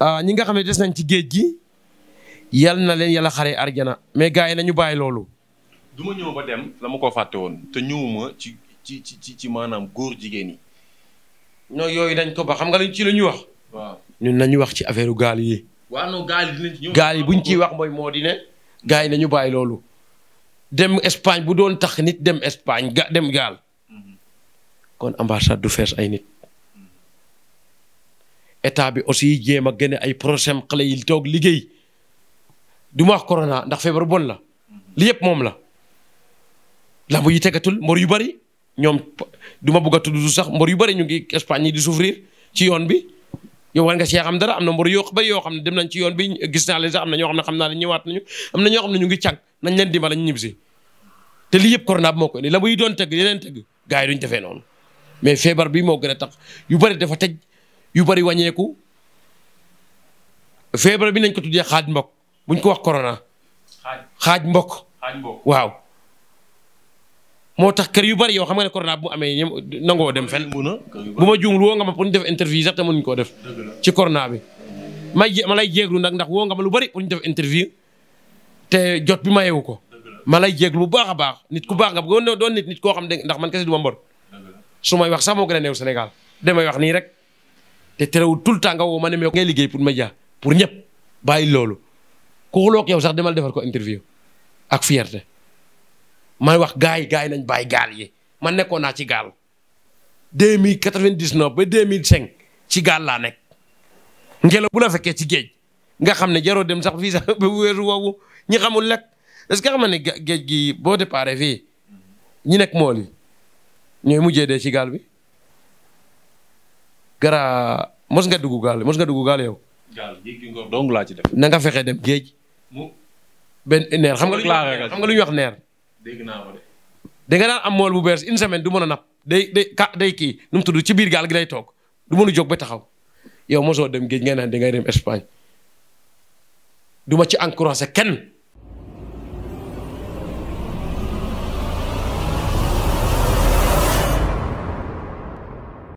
Ah, ñi nga xam ne des nañ ci géej gi yal na leen yala xare arjana mais gars yi nañu bàyyi loolu. du ma ñëw ba dem dama koo fàtte woon te ñëwuma ci ci ci ci maanaam góor jigéen yi. yooyu dañ ko xam nga lañ ci la ñuy wax. waaw ñun nañu wax ci affaire gaal yi. waaw non yi buñ ciy wax mooy moo di ne. yi nañu bàyyi loolu. dem Espagne bu doon tax nit dem Espagne ga dem gaal. Mhm. kon ambassade du fees ay nit. état bi aussi jéem a gën ay prochain xale yi toog liggéey du ma wax corona ndax feebar bon la li yëpp moom la. lamb yi tegatul mbor yu bëri ñoom du ma bugg a tudd sax mbor yu bëri ñu ngi Espagne yi di souffrir ci yoon bi yow war nga see xam dara am na mbor yoo bëri yoo xam ne dem nañ ci yoon bi gis naa leen sax am na ñoo xam ne xam naa ne ñëwaat nañu am na ñoo xam ne ñu ngi càng nañ leen dimbale ñu ñib si te lii yëpp corona bi moo ko indi lamb yi doon tëgg yeneen tëgg gars yi duñ defee noonu mais feebar bi moo gën a yu bëri dafa tëj yu bari wàññeeku feebar bi nañ ko tuddee xaaj mbokk buñ ko wax corona. xaaj xaaj mbokk. xaaj waaw. moo tax kër yu bari yoo xam nga ne corona bu mu amee ñoom nangoo dem fenn. bu ma juumul woo nga ma pour ñu def interview sax te mënuñ koo def. ci corona bi. may ma lay jéeglu nag ndax woo nga ma lu bari pour ñu def interview te jot bi mayewu ko. ma lay jéeglu bu baax a baax nit ku baax nga doon nit nit koo xam de ndax man kese du ma mbor. su may wax sax moo gën a néew Sénégal te terewul tout le temps nga woo ma ne mais ngay liggéey pour média pour ñëpp bàyyi loolu ku xuloo yow sax demal defal ko interview ak fierté may wax gars yi gars yi nañ bàyyi gaal yi ma nekkoon naa ci gaal deux mille quatre vingt ba deux mille cinq ci gaal laa nekk ngelaw bu la fekkee ci géej nga xam ne jaroo dem sax fii sax ba wéeru woowu ñi xamul lekk est-ce que xam ne géej gi boo déparé fii ñi nekk mool yi ñooy mujjee dee si gaal bi gara mos nga dugg gaal mos nga dugg gaal yow. gaal laa ci def. na nga fexe dem géej. mu benn neer xam nga lu ñuy xam nga wax neer. dégg naa daan am mool bu bees une semaine du mën a nap day day ka day kii nu mu tudd ci biir gaal gi day toog du mën a jóg ba taxaw yow mosoo dem géej ngay naan da ngay dem Espagne du ma ci encouragé kenn.